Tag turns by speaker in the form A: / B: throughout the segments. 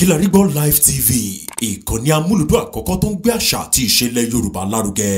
A: Kilarigbo Live TV ìkànnì amúlùdún àkọ́kọ́ tó ń gbé àṣà àti ìṣẹ̀lẹ̀ Yorùbá lárugẹ.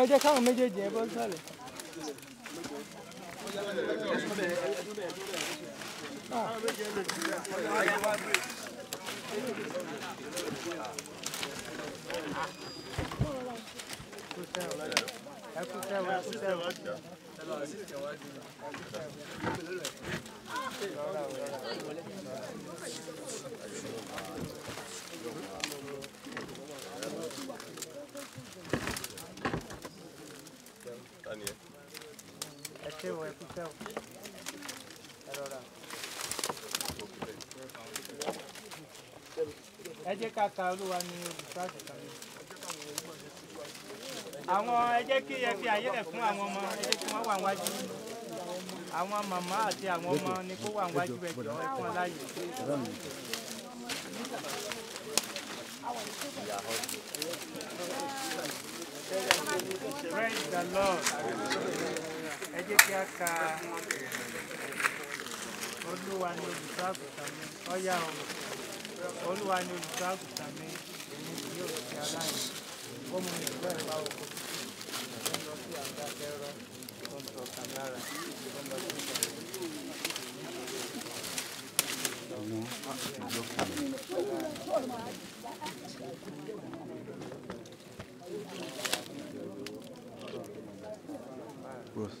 B: 我再看，没几件，不看了。啊！Devo, è tutto. Allora. Ẹ jẹ́ ká ka Olúwa ní olùkọ́ àṣìkà mi. Àwọn ẹ jẹ́ kí ẹ fi àyẹ̀lẹ̀ fún àwọn ọmọ ẹ jẹ́ kí wọ́n wà wájú. Àwọn màmá àti àwọn ọmọ ni kó wà wájú ẹ jọ ẹ fún ọ láyè. Praise the Lord ẹ jẹ́ kí a ka olúwa ni olùṣọ́ àgùntàn mi ọ̀yà o olúwa ni olùṣọ́ àgùntàn mi èmi kì yóò ṣe aláìní ó mú mi ìlú ẹ̀fà oko ó lọ sí àgbà ẹ̀rọ tó ń tọ̀ ọ̀kan ó lọ sí ìgbà
C: Prost.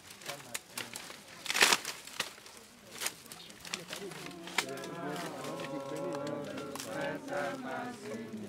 C: Thank you.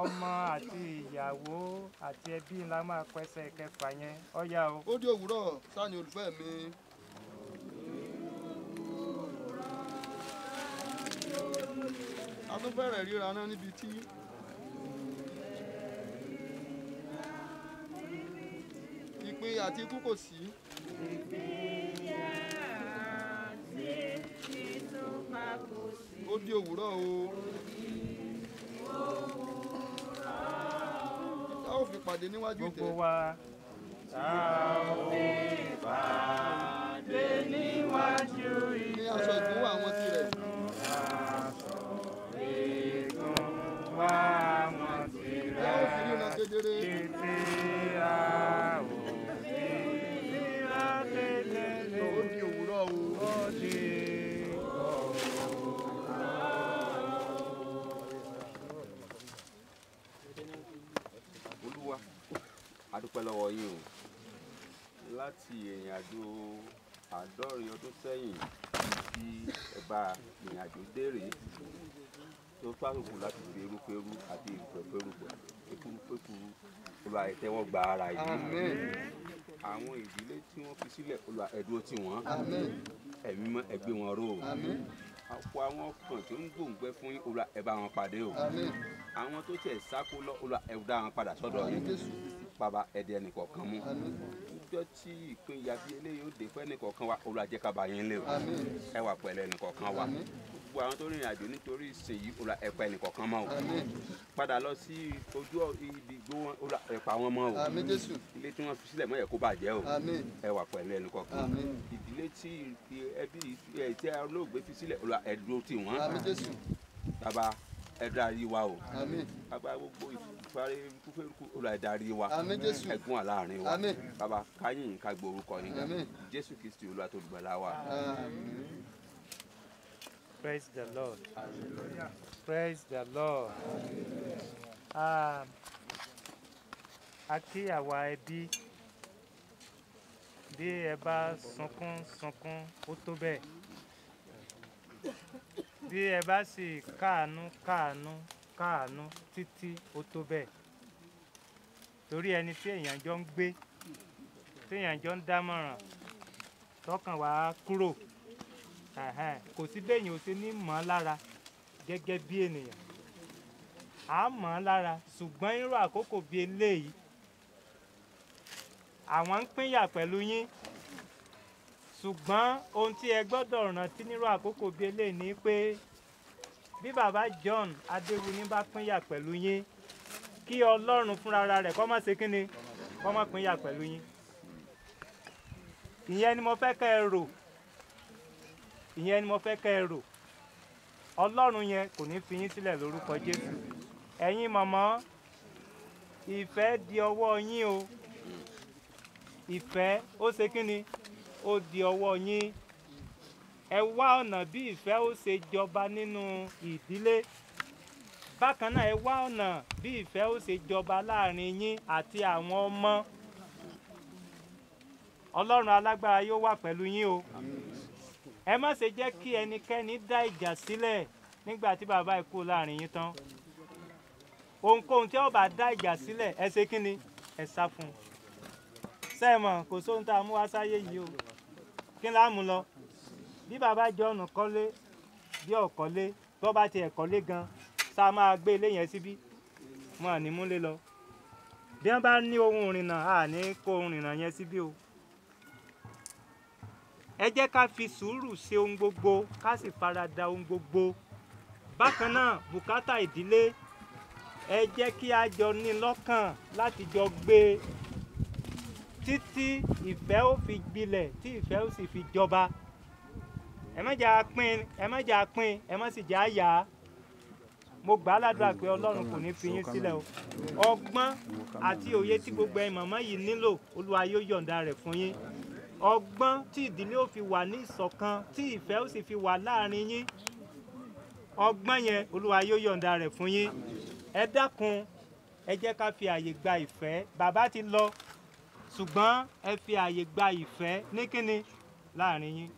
B: ọmọ àti ìyàwó àti ẹbí ńlá máa pẹ́sẹ̀ kẹfà yẹn
C: ọ̀yà o. ó di òwúrọ̀ sáà ni olùfẹ́ mi. a tún bẹ̀rẹ̀ ríra náà níbi tí ìpín àti ikú kò sí. ó di òwúrọ̀ o. tá ò fi pàdé níwájú ìtẹ́. gbogbo wa tá ò fi pàdé níwájú ìtẹ́. ní aṣọ ìdúró àwọn tirẹ̀. àádọ́rin ọdún sẹ́yìn tí ẹ̀bà ìrìnàjò dèrè tó fásokù láti fi erúfẹ́rú àti ìrùpẹ̀fẹ́rùpẹ̀ ekúrúpẹ̀kú olùwà ẹ̀tẹ́ wọn gba ara yìí àwọn ìdílé tí wọ́n fi sílẹ̀ olùwà ẹ̀dúró tí wọ́n ẹ̀mí mọ́ ẹgbẹ́ wọn ró ọ̀pọ̀ àwọn kan tó ń gbòǹgbẹ́ fún olùwà ẹ̀bà wọn pàdé o àwọn tó tẹ̀ sákó lọ olùwà ẹ̀dá wọn padà sọ́dọ̀ yìí bàbá ẹ̀dẹ̀ ẹnìkọ̀ọ̀kan mú ọjọ́ tí ìpínyà bíi eléyìí ó dé fún ẹnìkọ̀ọ̀kan wa olú àjẹkábà yẹn lé o ẹ wà pẹ̀lẹ́ ẹnìkọ̀ọ̀kan wa gbogbo àwọn tó rìnrìn àjò nítorí ìsìn yìí olú ẹ̀pẹ́ ẹnìkọ̀ọ̀kan mọ́ o padà lọ sí ojú ibi igbó wọn olú ẹ̀pẹ́ mọ́ o ilé tí wọ́n fi sílẹ̀ mọ́ yẹ kó bàjẹ́ o ẹ wà pẹ̀lẹ́ ẹnìkọ̀ọ̀kan ìdílé tí ẹbí tí olóògbé fi sílẹ̀ olú ẹ̀dúró tì wọ́n bàbá ẹ̀dá yìí wa o bàbá gbogbo ìfarí fẹ́rùkù olùdarí wa ẹ̀gún wà wa bàbá káyìn ká gbórúkọ yín jésù kristi olúwa tó gbàlà wa. Praise the Lord. Praise the Lord.
B: Hallelujah. Um, a kí àwa ẹbí bí ẹ bá sunkún sunkún ó tó bẹ́ẹ̀ bí ẹ bá sì káàánú káàánú káàánú títí ó tó bẹ́ẹ̀ torí ẹni tí èèyàn jọ ń gbé tí èèyàn jọ ń dámọ̀ràn tọkàn wá kúrò kò sí béèyàn ò sí ní mọ̀ ọ́ lára gẹ́gẹ́ bí ènìyàn á mọ̀ ọ́ lára ṣùgbọ́n irú àkókò bíi eléyìí àwọn ń pínyà pẹ̀lú yín ṣùgbọ́n ohun tí ẹ gbọ́dọ̀ rántí nírú àkókò bíi eléyìí ni pé bí bàbá John Adéwuní bá pínyà pẹ̀lú yín kí ọlọ́run fúnra rẹ̀ kó má ṣe kíni kó má pínyà pẹ̀lú yín ìyẹn ni mo fẹ́ kẹ́ ẹ rò ìyẹn ni mo fẹ́ kẹ́ ẹ rò ọlọ́run yẹn kò ní fi yín sílẹ̀ lórúkọ jésù ẹ̀yin mọ̀mọ́ ìfẹ́ di ọwọ́ yín o ìfẹ́ ó ṣe kíni ó di ọwọ́ yín ẹ wá ọ̀nà bí ìfẹ́ ó ṣe jọba nínú ìdílé bákan náà ẹ wá ọ̀nà bí ìfẹ́ ó ṣe jọba láàrin yín àti àwọn ọmọ ọlọ́run alágbára yóò wà pẹ̀lú yín o ẹ má ṣe jẹ́ kí ẹnikẹ́ni dá ìjà sílẹ̀ nígbà tí bàbá ẹ kú láàrin yín tán ohunkóhun tí ó bá dá ìjà sílẹ̀ ẹ ṣe kí ni ẹ sá fún un sẹ́ẹ̀mọ̀ kò sóhun tá a mú wá sáyé yìí o kí la mú lọ bí bàbá jọ ọ̀nà kọ́lé bí ọ̀kọ́lé tó bá ti ẹ̀kọ́lé gan-an tá a máa gbé ilé yẹn síbí wọn à ní múlé lọ bí wọ́n bá ní ohun ìrìnnà a ní kó ohun ìrìnnà yẹn síbí o ẹ jẹ́ ká fi sùúrù ṣe ohun gbogbo ká sì farada ohun gbogbo bákan náà bùkátà ìdílé ẹ jẹ́ kí a jọ ní lọ́kàn láti jọ gbé títí ìfẹ́ ó fi gbilẹ̀ tí ìfẹ́ ó sì fi jọba ẹ má pín ẹ má pín ẹ má sì jà yà á mo gbà á ládùúrà pé ọlọ́run kò ní fi yín sílẹ̀ o ọgbọ́n àti òye tí gbogbo ẹ̀ màmá yìí nílò olúwa yóò yọ̀ǹda rẹ̀ fún yín ọgbọ́n tí ìdílé ó fi wà ní ìṣọ̀kan tí ìfẹ́ ó sì fi wà láàrin yín ọgbọ́n yẹn olúwa yóò yọ̀ǹda rẹ̀ fún yín ẹ dákun ẹ jẹ́ ká fi àyè gba ìfẹ́ bàbá ti lọ ṣùgbọ́n ẹ fi àyè gba ìfẹ́ ní kíni láàrin yín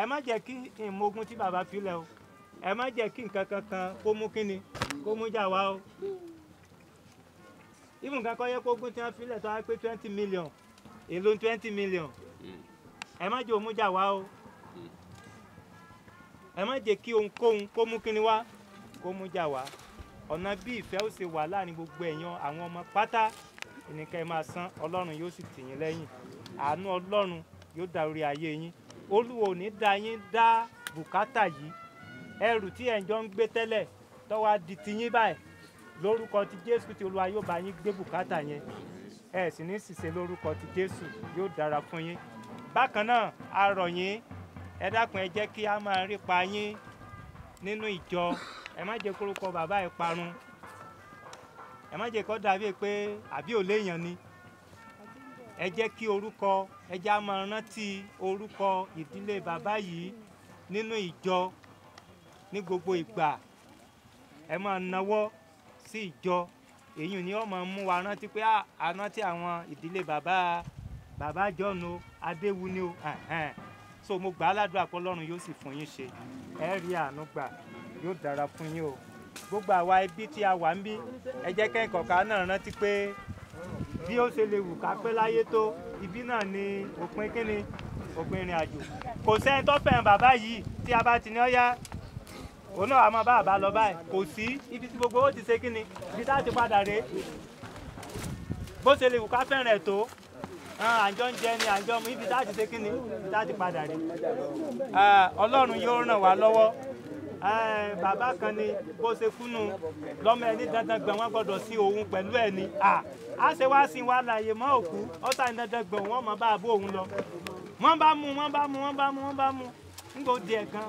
B: ẹ má jẹ́ kí ìmọ̀ ogun tí bàbá fi lẹ̀ o ẹ má jẹ́ kí nǹkan kankan kó mú kíni kó mú jà wá o even nǹkan kan yẹ kó gún tí wọ́n filẹ̀ tó wá pé twenty million èlò twenty million ẹ má jẹ́ òmú jà wá o ẹ má jẹ́ kí ohunkóhun kó mú kíni wá kó mú jà wá ọ̀nà bí ìfẹ́ ó ṣe wà láàrin gbogbo èèyàn àwọn ọmọ pátá ìníkẹ́ máa san ọlọ́run yóò sì tì yín lẹ́yìn àánú ọlọ́run yóò dá orí ayé yín olúwo ò ní dá yín dá bùkátà yìí ẹrù tí ẹ̀ ń jọ ń gbé tẹ́lẹ̀ tó wá di tiyín báyìí lórúkọ ti jésù tí olúwa yóò bá yín gbé bùkátà yẹn ẹ sì ní ṣìṣe lórúkọ ti jésù yóò dára fún yín bákan náà a rọ̀ yín ẹ dákun ẹ jẹ́ kí a máa rí pa yín nínú ìjọ ẹ má jẹ́ kórúkọ bàbá ẹ parun ẹ má jẹ́ kó dàbí pé àbí ò léèyàn ni ẹ jẹ́ kí orúkọ ẹ jẹ́ a máa rántí orúkọ ìdílé bàbá yìí nínú ìjọ ní gbogbo ìgbà ẹ máa nawọ́ sí ìjọ èyí ni ó máa mú wa rántí pé ah, a rántí àwọn ìdílé bàbá bàbá John o adéwu o so mo gbà á ládùúgbà pé Ọlọ́run yóò sì fún yín ṣe ẹ rí àánú gbà yóò dára fún yín o gbogbo àwa ẹbí tí a wà ń bí ẹ jẹ́ kẹ́ńkọ̀ọ́ká náà rántí pé bí ó ṣe lè wù ká pẹ́ láyé tó ibi náà ni òpin kíni òpin ìrìn àjò kò sẹ́ni tó fẹ́ràn bàbá yìí tí a bá ti ní ọ́ yá òun náà a máa bá àbá lọ báyìí kò gbogbo ti ṣe kí ni ibi tá a ti padà rèé bó ṣe lè wù ká fẹ́ràn ẹ̀ tó àjọ ń jẹ ni àjọ mu ibi tá a ti ṣe kí ni ibi tá a ti padà ọlọ́run yóò ràn wá lọ́wọ́ bàbá kan ni bó ṣe ẹni dandan a ṣe wá sí wa láàyè mọ́ òkú ni dandan gbọ̀n lọ wọ́n bá mú wọ́n bá mú wọ́n bá mú wọ́n bá mú di ẹ̀ gan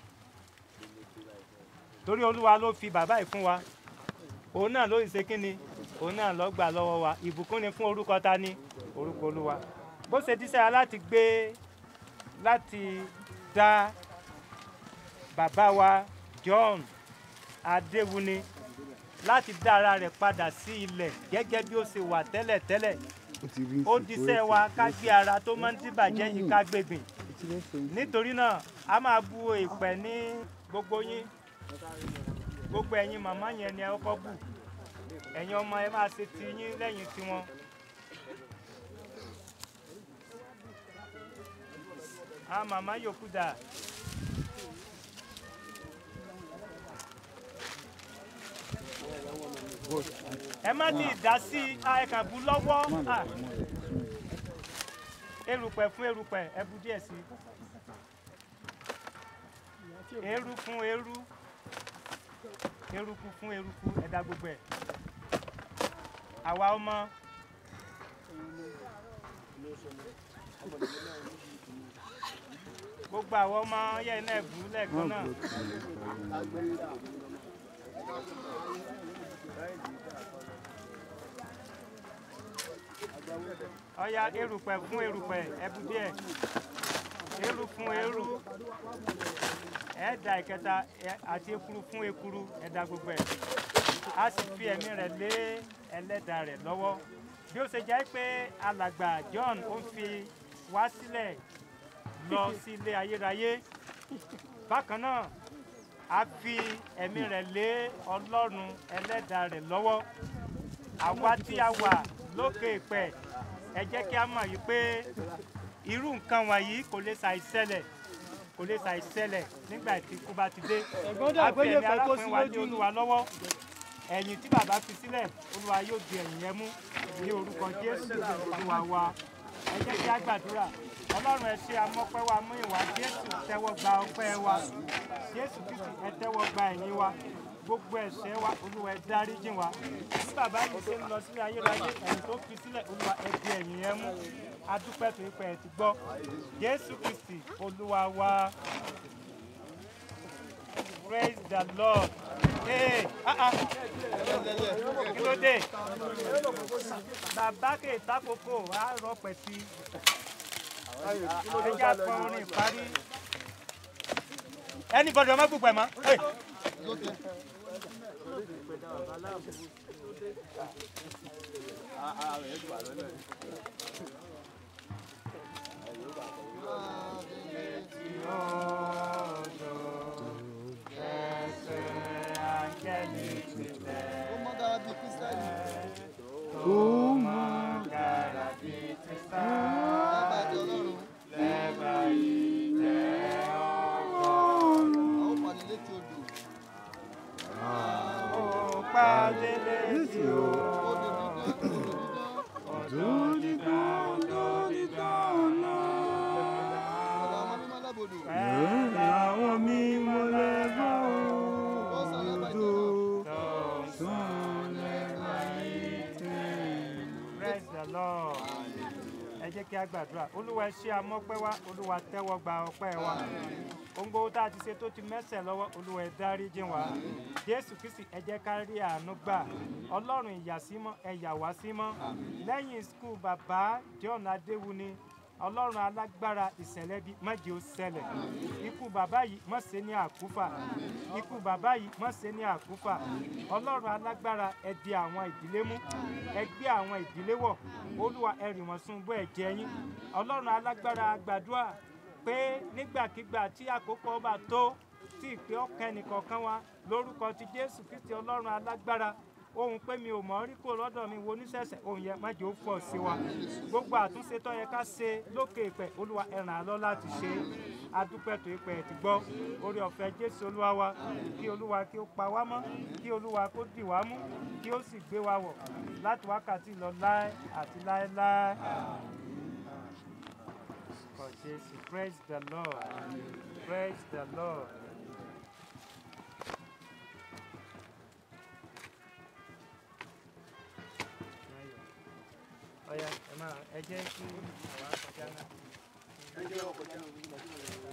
B: torí olúwa ló fi bàbá yìí fún wa òun náà ló ń ṣe kínni òun náà ló gbà lọ́wọ́ wa ìbùkún ni fún orúkọ ta ni orúkọ olúwa bó ṣe díṣẹ́ wa láti gbé láti dá bàbá wa John Adéwuni láti dá ara rẹ̀ padà sí ilẹ̀ gẹ́gẹ́ bí ó ṣe wà tẹ́lẹ̀tẹ́lẹ̀ ó díṣẹ́ wa ká gbé ara tó máa ń dìbàjẹ́ yìí ká gbégbìn nítorí náà a máa bu ìpẹ́ ní gbogbo yín. gbogbo ẹ̀yin màmá yẹn ni ọkọ kọ́kọ́ bù ẹ̀yin ọmọ ẹ máa ṣe ti yín lẹ́yìn tiwọn. a màmá yòókù dà. ẹ má ní ìdásí ẹkàbù lọ́wọ́ erùpẹ̀ fún erùpẹ̀ ẹ bu díẹ̀ sí i eru fún eru. eruku fún eruku ẹ̀dá gbogbo ẹ̀ àwa ọmọ. gbogbo àwọn ọmọ yẹ iná ẹ̀bù lẹ́ẹ̀kan náà. ọya erùpẹ̀ fún erùpẹ̀ ẹ̀bù díẹ̀ eru fún eru ẹ da ìkẹta àti ekuru fún ekuru ẹ da gbogbo ẹ̀ a sì fi ẹ̀mí rẹ̀ lé ẹlẹ́dàá rẹ̀ lọ́wọ́ bí ó ṣe jẹ́ pé alàgbà John ó ń fi wá sílẹ̀ lọ sí ilé ayérayé bákan náà a fi ẹ̀mí rẹ̀ lé ọlọ́run ẹlẹ́dàá rẹ̀ lọ́wọ́ àwa tí a wà lókè ìpẹ́ ẹ jẹ́ kí a mọ̀ yìí pé irú nǹkan wọ̀nyí kò lè ṣàìṣẹlẹ̀ kò lè ṣàì ṣẹlẹ̀ nígbà tí kú bá ti dé abẹ́yẹmí aláfin wa ní olúwa lọ́wọ́ ẹ̀yìn tí bàbá fi sílẹ̀ olúwa yóò di ẹ̀yìn yẹn mú ní orúkọ jésù olúwa wa ẹ jẹ́ kí á gbàdúrà ọlọ́run ẹ ṣe amọ́pẹ́ wa mú ìwà jésù tẹ́wọ́ gba ọpẹ́ wa jésù kìkì ẹ tẹ́wọ́ gba ẹ̀yìn wa gbogbo ẹ̀ṣẹ̀ wa olúwa ẹ dáríjì wa bí bàbá yìí ṣe ń lọ sílé ayérayé ẹ̀yìn tó fi sílẹ̀ olúwa ẹ di yẹn mú adúpẹ́ tó ipẹ ẹ ti gbọ́ jésù kristi olúwa wa praise the lord ee ah, ah. kí ló dé bàbá kèéta koko àárọ̀ pẹ̀sì ẹ̀jẹ̀ àpọ̀ orin parí anybody ọmọ gbogbo ẹ̀ mọ́. Oh. kí a gbàdúrà olúwa ẹ ṣe amọ́pẹ́ wa olúwa tẹ́wọ́ gba ọpẹ́ wa ohun gbogbo tá a ti ṣe tó ti mẹ́sẹ̀ lọ́wọ́ olúwa ẹ dárí jìn wá jésù kristi ẹ jẹ́ ká rí àánú gbà ọlọ́run ìyàsímọ́ ẹ yà wá símọ́ lẹ́yìn skul bàbá john adéwuni ọlọ́run alágbára ìṣẹ̀lẹ̀ bíi má jẹ́ ó ṣẹlẹ̀ ikú bàbá yìí má ṣe ní àkúfà ikú bàbá yìí má ṣe ní àkúfà ọlọ́run alágbára ẹ di àwọn ìdílé mú ẹ gbé àwọn ìdílé wọ̀ olúwa ẹ rì wọ́n sún bó ẹ̀jẹ̀ yín ọlọ́run alágbára àgbàdua pé nígbàkigbà tí àkókò bá tó tí ìpè ọkàn ẹnìkọ̀ọ̀kan wa lórúkọ ti jésù kristi ọlọ́run alágbára ohun pé mi ò mọ̀ rí kó lọ́dọ̀ mi wo oníṣẹ̀ṣẹ̀ ohun yẹn má ó pọ̀ sí wa gbogbo àtúnṣe tó yẹ ká ṣe lókè ìpẹ̀ olúwa ẹ̀ràn àlọ́ láti ṣe adúpẹ́ tó ìpẹ̀ ti gbọ́ orí ọ̀fẹ́ jésù olúwa wa kí olúwa kí ó pa wá mọ́ kí olúwa kó dì wá mú kí ó sì gbé wa wọ̀ láti wákàtí lọ láé àti láéláé. For Jesus, praise the Lord, praise the Lord. ọ̀yà ẹ máa ẹ jẹ́ kí àwa kọjá náà. ẹ jẹ́ ọkọ̀ jẹ́ òun nígbà tí mo lè ra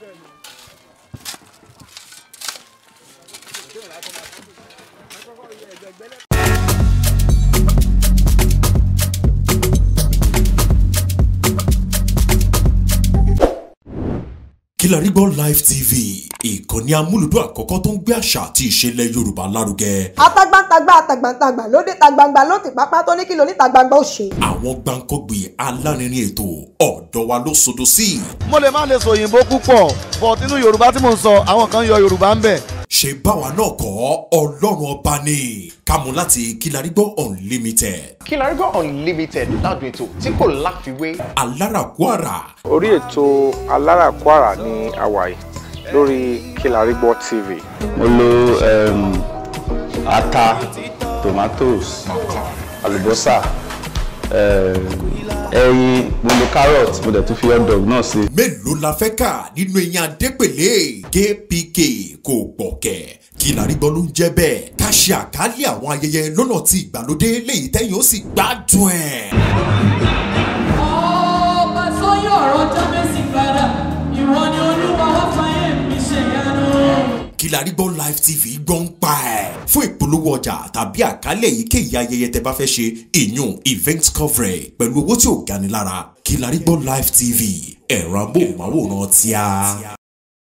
C: Thank you.
A: akílarígbọ́ live tv ìkànnì amúlùdún àkọ́kọ́ tó ń gbé àṣà àti ìṣẹ̀lẹ̀ yorùbá lárugẹ.
C: atagbantagba atagbantagba lóde tagbangba ló ti pápá tó ní kí lóní tagbangba ó ṣe.
A: àwọn gbàǹkọ̀gbì alárinrin ètò ọ̀dọ́ wa ló sodo sí. mo lè má lè sòyìnbó púpọ̀ bọ̀ nínú yorùbá tí mo ń sọ àwọn kan yọ yorùbá ń bẹ̀ ṣe bá wa náà kọ́ ọlọ́run ọba ni kámú láti kílarígbọ́ unlimited. kílarígbọ́ unlimited ládùn ètò tí kò láfiwé. alárakúara.
C: orí ètò alárakúara ní hawaii lórí kílarígbọ́ tv. mo lo um, ata tomatoes àlùbọ́sà. Um, ẹyin mo lè carrot mo dẹ̀ tún fi hot dog náà sí.
A: mélòó la fẹ́ kà nínú eyín adépèlé kpk kò gbọ̀kẹ̀ kí la rí gbọ́ ló ń jẹ́ bẹ́ẹ̀ ká ṣe àkálẹ̀ àwọn ayẹyẹ lọ́nà tí ìgbàlódé léyìí tẹ́yìn ó sì gbádùn ẹ̀.
C: ọba sọyọ ọ̀rọ̀ jọmẹsì padà ìrọ
A: kí la rí gbọ́ live tv gbọ́ ń pa ẹ̀. fún ìpolówó ọjà tàbí àkálẹ̀ èyíkéyìí ayẹyẹ tẹ bá fẹ́ ṣe ìyún event coverage pẹ̀lú owó tí ò gani kí la rí gbọ́ live tv ẹ̀rọ amóhùnmáwòrán tíá.